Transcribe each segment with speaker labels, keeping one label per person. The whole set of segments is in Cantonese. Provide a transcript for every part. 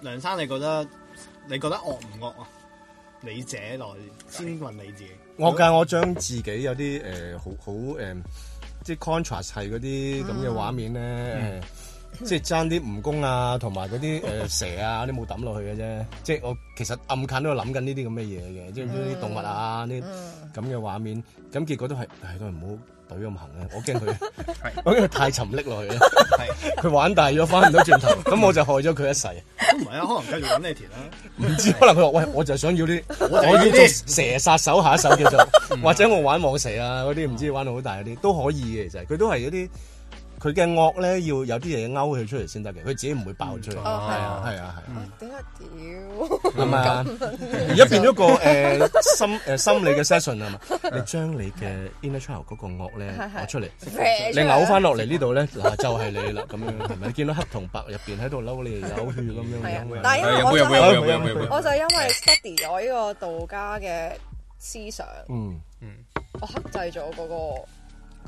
Speaker 1: 梁生，你覺得你覺得惡唔惡啊？你者來先問你自己。惡㗎果，我
Speaker 2: 計我將自己有啲誒、呃、好好誒、呃，即 contrast 係 contrast 係嗰啲咁嘅畫面咧，嗯呃、即係爭啲蜈蚣啊，同埋嗰啲誒蛇啊，啲冇抌落去嘅啫。即係我其實暗近都有諗緊呢啲咁嘅嘢嘅，即係呢啲動物啊，呢啲咁嘅畫面，咁結果都係係都係唔好。隊咁行咧，我驚佢， 我驚佢太沉溺落去啦。佢玩大咗翻唔到轉頭，咁 我就害咗佢一世。
Speaker 1: 都唔係啊，可能繼續玩呢條啦。
Speaker 2: 唔知可能佢話喂，我就係想要啲， 我要，我要做蛇殺手下一手叫做， 或者我玩蟒蛇啊嗰啲，唔知玩到好大嗰啲都可以嘅。其實佢都係嗰啲。佢嘅惡咧要有啲嘢勾佢出嚟先得嘅，佢自己唔會爆出嚟。係啊，係啊，係。點解
Speaker 3: 屌？係咪而家變咗個誒心誒心理
Speaker 2: 嘅 session 係嘛？你將你嘅 inner child 嗰個惡咧攞出嚟，你扭翻落嚟呢度咧嗱，就係你啦咁樣，係咪？你見到黑同白入邊喺度嬲你哋扭曲咁樣咁樣。但係因為我就我
Speaker 4: 因為 study 咗呢個道家嘅思想，嗯嗯，我克制咗嗰個。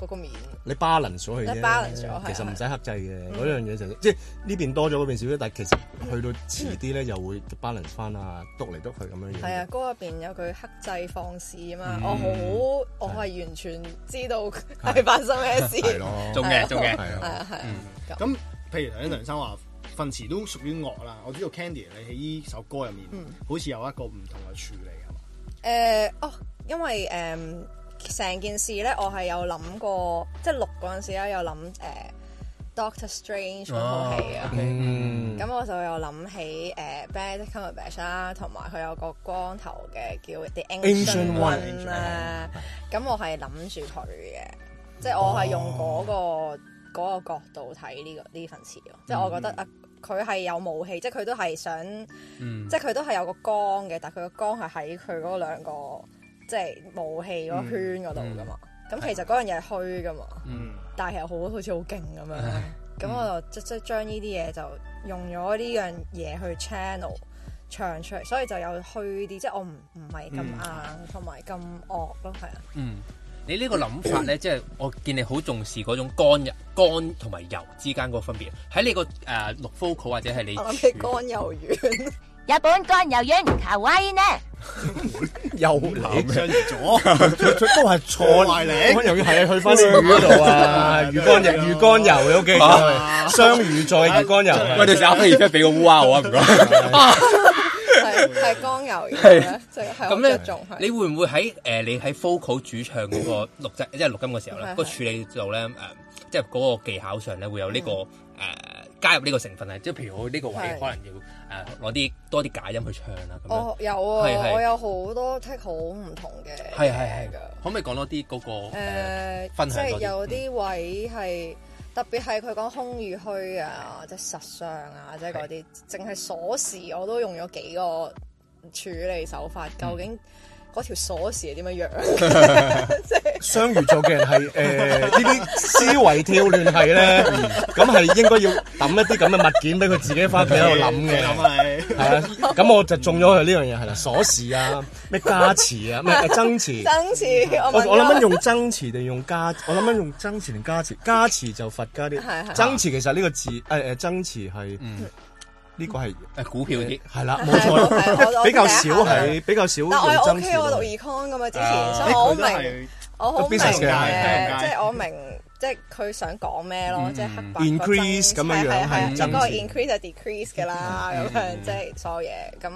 Speaker 4: 嗰個面，
Speaker 2: 你巴 a l a n c e 咗佢，其實唔使克制嘅。嗰樣嘢就即係呢邊多咗，嗰邊少咗。但係其實去到遲啲咧，又會巴 a l a n 翻啊，篤嚟篤去咁樣樣。
Speaker 4: 係啊，歌入邊有佢克制放肆啊嘛。我好，我係完全知
Speaker 1: 道係發生咩事。做嘅做嘅係啊係啊係，咁，譬如頭先梁生話，憤遲都屬於惡啦。我知道 Candy 你喺呢首歌入面，好似有一個唔同嘅處理係
Speaker 4: 嘛？誒哦，因為誒。成件事咧，我係有諗過，即係錄嗰陣時咧，有諗誒、呃、Doctor Strange 嗰套戲
Speaker 2: 啊。
Speaker 3: 咁我
Speaker 4: 就有諗起誒、呃、Benedict Cumberbatch 啦，同埋佢有，有個光頭嘅叫 The Ancient One 啦。咁我係諗住佢嘅，即係、oh, 我係用嗰、嗰個嗰個角度睇呢、呢個呢份詞咯。嗯、即係我覺得啊，佢、呃、係有武器，即係佢都係想，嗯、即係佢都係有個光嘅，但係佢個光係喺佢嗰兩個。即係武器嗰圈嗰度噶嘛，咁其實嗰樣嘢係虛噶嘛，但係又好好似好勁咁樣，咁我就即即將呢啲嘢就用咗呢樣嘢去 channel 唱出嚟，所以就有虛啲，即係我唔唔係咁硬，同埋咁惡咯，係啊，嗯，
Speaker 3: 你個呢個諗法咧，即係 我見你好重視嗰種肝、肝同埋油之間個分別，喺你個誒錄 vocal 或者係你，我係肝
Speaker 4: 油丸、 日本肝油丸，求威呢？
Speaker 3: 又男，雙魚座，都
Speaker 1: 係錯埋嚟。魚係
Speaker 3: 去翻魚嗰度啊，魚肝油，魚肝油都驚。
Speaker 2: 雙魚座魚
Speaker 3: 肝油，喂，你搞完而家俾個烏鴉我啊，唔該。係係肝油，係即係咁樣做。你會唔會喺誒？你喺 Vocal 主唱嗰個錄製，即係錄音嘅時候咧，個處理度咧誒，即係嗰個技巧上咧會有呢個誒？加入呢個成分咧，即係譬如我呢個位是可能要誒攞啲多啲假音去唱啦。哦，有啊、哦，是是我有多
Speaker 4: 好多 tick 好唔同嘅。
Speaker 3: 係係係㗎，可唔的的可以講多啲嗰、嗰個誒？
Speaker 4: 呃、分享即係有啲位係特別係佢講空與虛啊，即係實相啊，即係嗰啲。淨係鎖匙我都用咗幾個處理手法，嗯、究竟嗰
Speaker 2: 條鎖匙係點樣樣？即係、雙魚座嘅人係誒呢啲思維跳亂係咧，咁係、嗯、應該要揼一啲咁嘅物件俾佢自己翻屋企喺度諗嘅。係、嗯、啊，咁我就中咗佢呢樣嘢係啦，鎖、嗯啊、匙啊，咩加持啊，咩增持？增
Speaker 4: 持，增我我諗緊用
Speaker 2: 增持定用加？我諗緊用增持定加持？加持就佛家啲、呃呃，增持其實呢個字誒誒增持係。呢個係誒股票啲係啦，冇 錯 比，比較少係比較少，但係我是 OK 喎，讀 Econ 嘅嘛之前，啊、所以我
Speaker 4: 明我好明嘅，即係都 business 我明、啊、即係佢想講咩咯，即係黑 increase 咁樣樣係，嗰真個 increase 就 decrease 嘅啦，咁、嗯、樣即係所有嘢咁。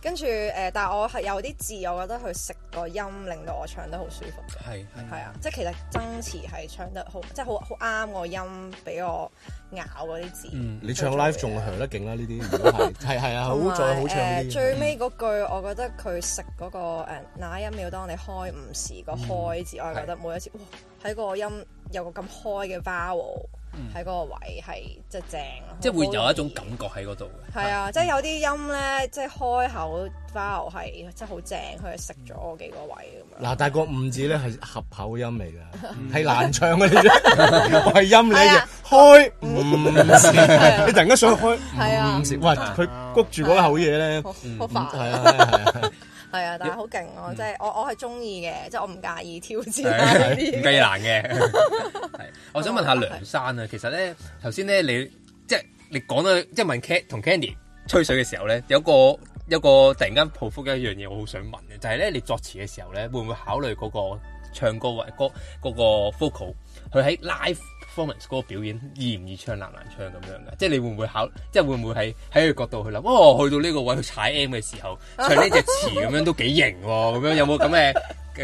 Speaker 4: 跟住誒、呃，但係我係有啲字，我覺得佢食個音，令到我唱得好舒服嘅。係係係啊，即係其實曾詞係唱得好，即係好好啱個音俾我咬嗰啲字，嗯。你唱 live
Speaker 2: 仲響得勁啦！呢啲如果係係係啊，好在 有好唱，呃。最尾
Speaker 4: 嗰句，我覺得佢食嗰個那、呃、一秒當你開唔時個開字，嗯、我覺得每一次的哇，喺個音有個咁開嘅 vowel。喺嗰個位係真係正，即係會有一
Speaker 3: 種感覺喺嗰度。
Speaker 4: 係啊，即係有啲音咧，即係開口花喉係真係好正，佢係食咗我幾個位咁
Speaker 2: 樣！嗱，大個五字咧係合口音嚟㗎，
Speaker 4: 係難唱嗰
Speaker 2: 啲啫，係音嚟嘅。開五字，你突然間想開五食。喂，佢谷住嗰口嘢咧，好煩。
Speaker 4: 係啊，但係好勁咯，即係、嗯、我我係中意嘅，即、就、係、是、我唔介意挑戰呢啲，唔介
Speaker 3: 意難嘅。係， 我想問，問下梁生啊， 其實咧頭先咧你即係你講到即係問 Cat 同 Kendy 吹水嘅時候咧，有個有個突然間抱復嘅一樣嘢，我好想問嘅，就係、是、咧你作詞嘅時候咧，會唔會考慮嗰個唱歌或歌嗰個、那個、focal 佢喺 live formers 嗰個表演，易唔易唱難唔難唱咁樣嘅，即係你會唔會考，即係會唔會喺喺一個角度去諗，哇，去到呢個位去踩 M 嘅時候，唱呢隻詞咁樣都幾型喎，咁樣有冇咁嘅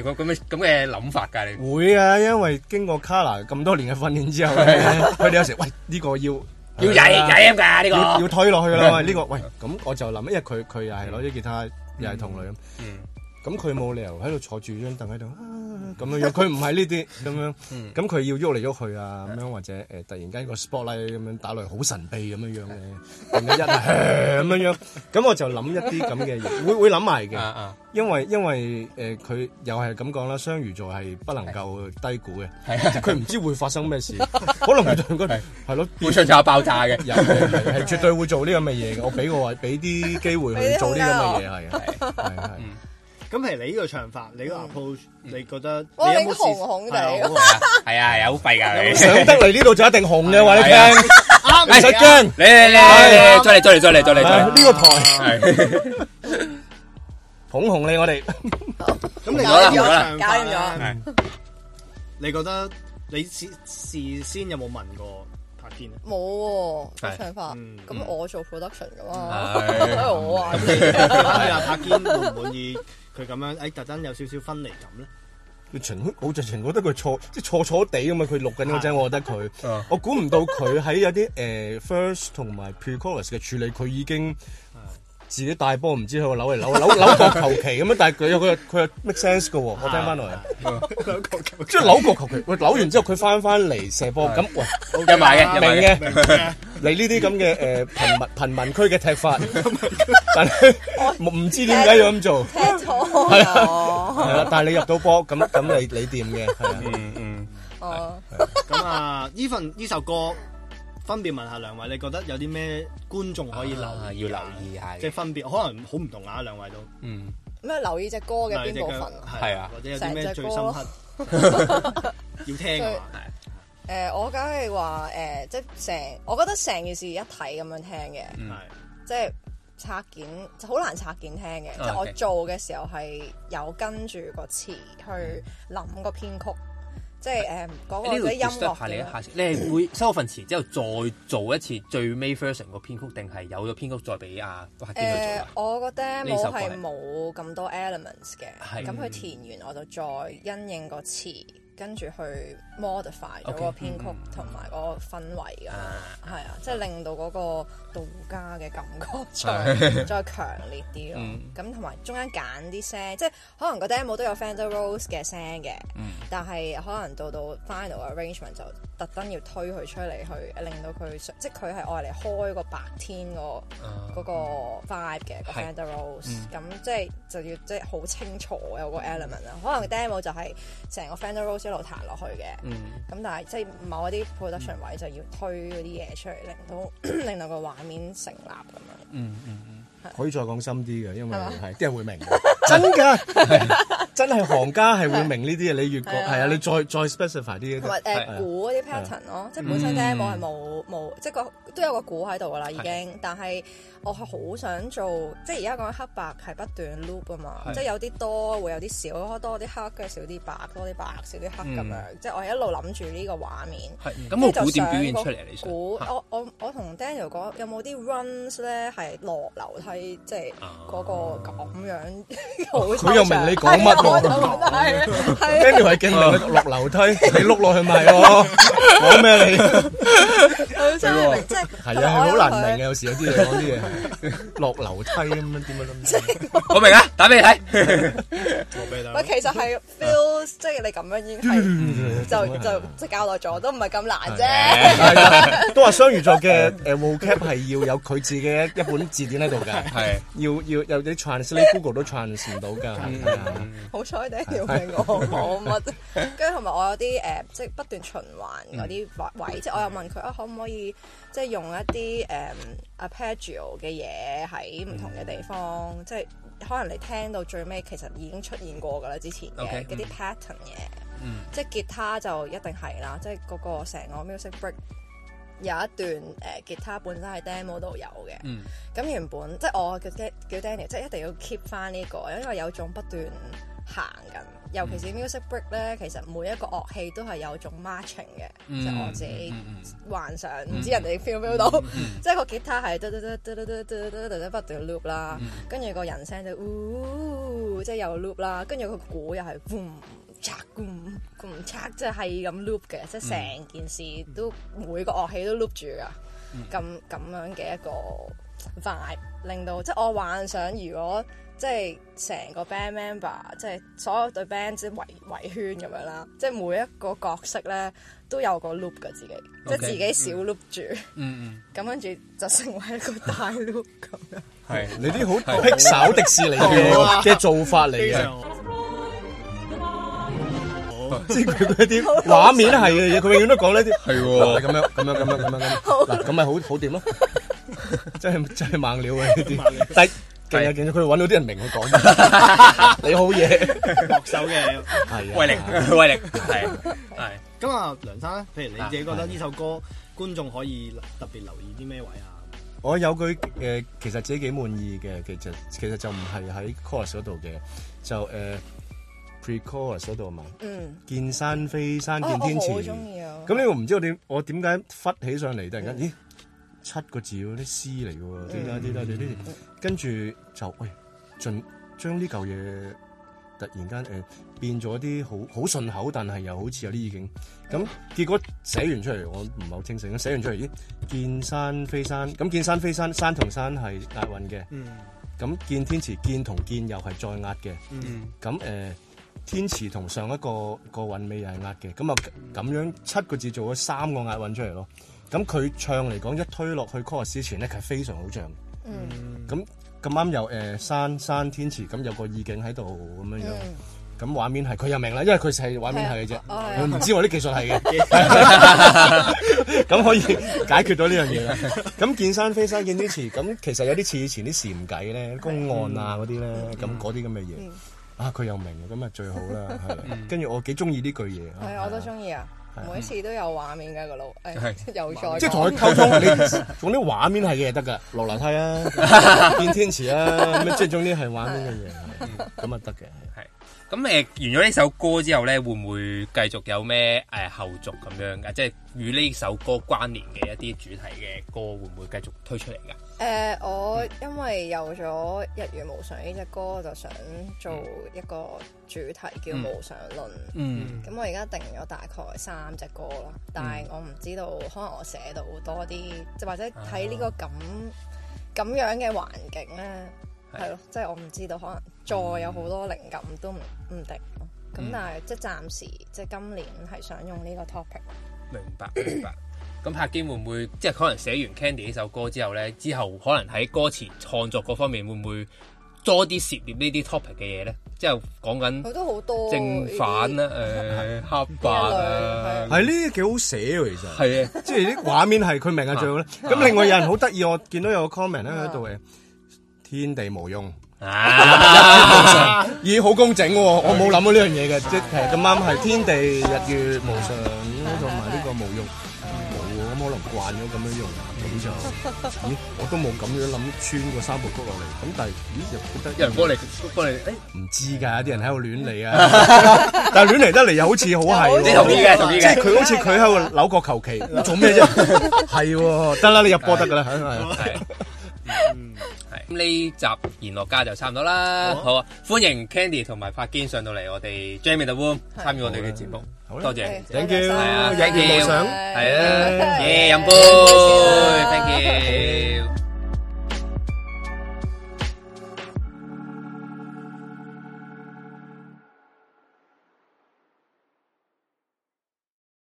Speaker 3: 誒個咁嘅咁嘅諗法㗎？你
Speaker 2: 會啊。因為經過 Kara 咁多年嘅訓練之後咧，佢哋有時喂呢個要要踩踩 M 㗎呢個，要推落去啦嘛，呢個喂，咁我就諗，因為佢佢又係攞啲吉他，又係同類咁。咁佢冇理由喺度坐住張凳喺度啊
Speaker 1: 咁樣樣，佢唔係呢啲咁樣，
Speaker 2: 咁佢要喐嚟喐去啊咁樣，或者誒突然間個 sport 咁樣打落，好神秘咁樣樣嘅，咁樣一響咁樣樣，咁我就諗一啲咁嘅嘢，會會諗埋嘅，因為因為誒佢又係咁講啦，雙魚座係不能夠低估嘅，佢唔知會發生咩事，可能唔在嗰度，係咯，會出就爆炸嘅，係係絕對會做呢咁嘅嘢嘅，我俾我俾啲機會去做呢咁嘅嘢係啊，
Speaker 3: 係。
Speaker 1: 咁譬如你呢個唱法，你個 approach，你覺得你好紅紅地？係啊係啊，好
Speaker 3: 廢㗎你，上得
Speaker 2: 嚟呢度就一定紅嘅話你聽，
Speaker 3: 來來來，再嚟再嚟再嚟再嚟，呢個台捧紅你我哋。
Speaker 2: 咁你呢個唱法，
Speaker 1: 你覺得你事事先有冇問過栢堅？冇喎，唱法，咁我
Speaker 4: 做 production 㗎嘛，我話栢堅滿唔滿
Speaker 1: 意？佢咁樣，誒、哎，突然有少少分離感
Speaker 2: 咧。全， 我直情覺得佢錯，即係錯錯地咁嘛。佢錄緊嗰陣，我覺得佢， 我估唔到佢喺有啲誒 first 同埋 pre-chorus 嘅處理，佢已經。 嗯自己帶波唔知佢去扭嚟扭，扭扭個球期咁樣，但係佢又佢又佢又 make sense 嘅喎，我聽翻落嚟，即係扭個球期，扭完之後佢翻翻嚟射波，咁喂，一買嘅，明嘅，你呢啲咁嘅誒貧民貧民區嘅踢法，但係唔知點解要咁做，
Speaker 1: 踢
Speaker 3: 錯係啦，
Speaker 2: 但係你入到波，咁咁你你掂嘅，係啊，嗯嗯，
Speaker 1: 哦，咁啊呢份呢首歌。分別問下兩位，你覺得有啲咩觀眾可以留
Speaker 3: 意，啊、要留意下，即
Speaker 1: 係分別、嗯、可能好唔同啊！兩位都嗯，
Speaker 4: 咩、嗯、留意隻歌嘅邊部分？係啊，啊或
Speaker 1: 者有啲咩最深刻要聽嘅？係
Speaker 4: 誒、啊呃，我梗係話誒，即係成，我覺得成件事一體咁樣聽嘅，係即係拆件好難拆件聽嘅，即係、嗯、我做嘅時候係有跟住個詞去諗個編曲。即係誒，講音樂嘅，一
Speaker 3: 下你一下， 你係會收份詞之後再做一次最尾 version 個編曲，定係有咗編曲再俾阿華建做？誒、呃，我覺得我係
Speaker 4: 冇咁多 elements 嘅的。係。咁佢填完我就再因應個詞，跟住去 modify 咗 Okay, 個編曲同埋個氛圍啊，係啊、嗯，即係、嗯嗯、令到嗰、那個嘅感覺再再強烈啲咯，咁同埋中間揀啲聲，即係可能個 demo 都有 Fender Rose 嘅聲嘅，但係可能到到 final arrangement 就特登要推佢出嚟，去令到佢即係佢係愛嚟開個白天個嗰個 vibe 嘅 Fender Rose，咁即係就要即係好清楚有個 element 啦。可能 demo 就係成個 Fender Rose 一路彈落去嘅，咁但係即係某一啲 position 位就要推嗰啲嘢出嚟，令到令到個畫面成立。
Speaker 2: 嗯嗯嗯，嗯嗯是可以再講深啲嘅，因為係啲人會明 真噶，真係行家係會明呢啲嘢。你越過，係啊，你再再 specify 啲，同埋誒鼓嗰啲 pattern 咯，即係本身咧我係冇
Speaker 4: 冇，即係個都有個鼓喺度噶啦，已經。但係我係好想做，即係而家講黑白係不斷 loop 啊嘛，即係有啲多會有啲少，多啲黑跟住少啲白，多啲白少啲黑咁樣。即係我係一路諗住呢個畫面。
Speaker 3: 係咁，我就點表現出嚟，鼓我
Speaker 4: 我我同 Daniel 講，有冇啲 runs 咧係落樓梯，即係嗰個咁樣。
Speaker 3: 佢又唔明你講乜喎？係啊
Speaker 4: ，Daniel 係驚明佢落
Speaker 2: 樓梯，你碌落去咪
Speaker 3: 喎？講咩你？即係係啊，好難明嘅有時有啲嘢，講啲嘢係
Speaker 2: 落樓梯咁樣點樣諗？即係我明啊，打俾你睇。
Speaker 4: 我其實係 feel 即係你咁樣已經就就即係教耐咗，都唔係咁難啫。都話
Speaker 2: 雙魚座嘅誒，vocab 係要有佢自己一一本字典喺度嘅，係要要有啲 translate Google 都 trans。唔到㗎，
Speaker 4: 好彩第 一條問我冇乜，跟住同埋我有啲誒，即、就、係、是、不斷循環嗰啲位，即係、嗯、我又問佢啊，可唔可以即係、就是、用一啲誒 arpeggio 嘅嘢喺唔同嘅地方，即係、嗯、可能你聽到最尾其實已經出現過㗎啦，之前嘅嗰啲 pattern 嘢，即係 Okay,、嗯、吉他就一定係啦，即係嗰個成個 music break。有一段誒、呃、吉他本身喺 demo 都有嘅，咁、嗯、原本即係我叫，叫 Daniel 即係一定要 keep 翻、這、呢個，因為有種不斷行緊，尤其是 music break 咧，其實每一個樂器都係有種 marching 嘅，嗯、就我自己幻想，唔、嗯、知人哋 feel 唔 feel 到，嗯、 即係個吉他係嘟嘟嘟嘟嘟嘟嘟嘟不斷的 loop 啦、嗯，跟住個人聲就是哦，即係又 loop 啦，跟住個鼓又係 拆拆，嗯，就是嗯，嗯，即係咁 loop 嘅，即係成件事都每個樂器都 loop 住啊！咁咁樣嘅一個環，令到即係我幻想，如果即係成個 band member，即係所有對 band 即係圍圍圈咁樣啦，即係每一個角色咧都有個 loop 噶自己即係自己小 loop 住，嗯，嗯，咁跟住就成為一個大 loop 咁樣。
Speaker 2: 係你啲好棘手 Dr Strange 嘅，嘅做法嚟嘅。即係佢嗰啲畫面係嘅嘢，佢永遠都講呢啲，係喎，咁樣咁樣咁樣咁樣咁樣，嗱，咁咪好好掂咯，真係真係猛料嘅呢啲，但係其實其實佢揾到啲人明佢講嘢，你好
Speaker 1: 嘢，落手嘅，係，威力，威力，係，係，咁啊，梁生咧，譬如你自己覺得呢首歌觀眾可以特別留意啲咩位啊？
Speaker 2: 我有句誒，其實自己幾滿意嘅，其實其實就唔係喺 chorus 嗰度嘅，就誒。Prechorus 嗰度啊嘛，course, right? 嗯，見山飛山見天池，咁呢、啊嗯、個唔知我點我點解忽起上嚟，突然間、嗯、咦七個字喎，啲詩嚟嘅，點解、嗯？點解、嗯？啲啲，跟住就喂盡將呢嚿嘢突然間誒、呃、變咗啲好好順口，但係又好似有啲意境。咁結果寫完出嚟，我唔係好清醒咯。寫完出嚟咦，見山飛山，咁見山飛山，山同山係押韻嘅，嗯，咁見天池見同見又係再押嘅，嗯，咁誒、嗯。嗯天池同上一個個韻尾又係押嘅，咁啊咁樣七個字做咗三個押韻出嚟咯。咁佢唱嚟講一推落去 chorus 前咧，其實非常好唱嘅。嗯，咁咁啱又誒山山天池，咁有個意境喺度咁樣樣。咁畫面係佢又明啦，因為佢係畫面係嘅啫，唔知我啲技術係嘅。咁可以解決到呢樣嘢啦。咁見山非山見天池，咁其實有啲似以前啲禪偈咧，公案啊嗰啲咧，咁嗰啲咁嘅嘢。啊，佢又明，咁咪最好啦。跟住，嗯，我幾中意呢句嘢。係
Speaker 4: 我都中意啊。每次都有畫面嘅個老，誒，有，哎，是再，即係同佢溝通，
Speaker 2: 講啲畫面係嘅得噶，落樓梯啊，變 天池啊，咁即係總之係畫面嘅嘢，咁啊得嘅係。
Speaker 3: 咁誒，完咗呢首歌之後咧，會唔會繼續有咩誒後續咁樣嘅？即係與呢首歌關聯嘅一啲主題嘅歌，會唔會繼續推出嚟㗎？
Speaker 4: 誒、呃，我因為有咗《日月無常》呢隻歌，我就想做一個主題、嗯、叫《無常論》。嗯。咁我而家定咗大概三隻歌咯，嗯、但係我唔知道，可能我寫到多啲，即或者睇、啊哦、呢個咁咁樣嘅環境咧，係咯的，即係、就是、我唔知道，可能再有好多靈感都唔唔定。咁、嗯、但係、嗯、即係暫時，即係今年係想用呢個 topic。明白，
Speaker 3: 明白。 咁栢堅會唔會即係可能寫完 Kendy 呢首歌之後咧，之後可能喺歌詞創作嗰方面會唔會多啲涉獵呢啲 topic 嘅嘢咧？即係講緊佢都好多正反啦，誒，黑白啊，
Speaker 2: 係呢啲幾好寫嘅，其實係啊，即係啲畫面係佢明嘅最好咧。咁另外有人好得意，我見到有個 comment 咧喺度誒，天地無用啊，咦，好工整喎！我冇諗過呢樣嘢嘅，即係咁啱係天地日月無常，同埋呢個無用。慣咗咁樣用，咁就咦我都冇咁樣諗，穿個三部曲落嚟，咁但係咦入得，有人幫你幫你，哎唔知㗎，啲人喺度亂嚟啊， 但係亂嚟得嚟 又好似好係，即係同啲嘅，同啲嘅，即係佢好似佢喺度扭角求其做
Speaker 3: 咩啫，
Speaker 2: 係喎， 得啦，你入波得㗎啦。
Speaker 3: 呢集言樂家就差唔多啦，好啊，歡迎 Kendy 同埋栢堅上到嚟，我哋 Jam in the Room 參與我哋嘅節目，多謝，thank you，飲完無上，係啊，耶，飲杯，thank you。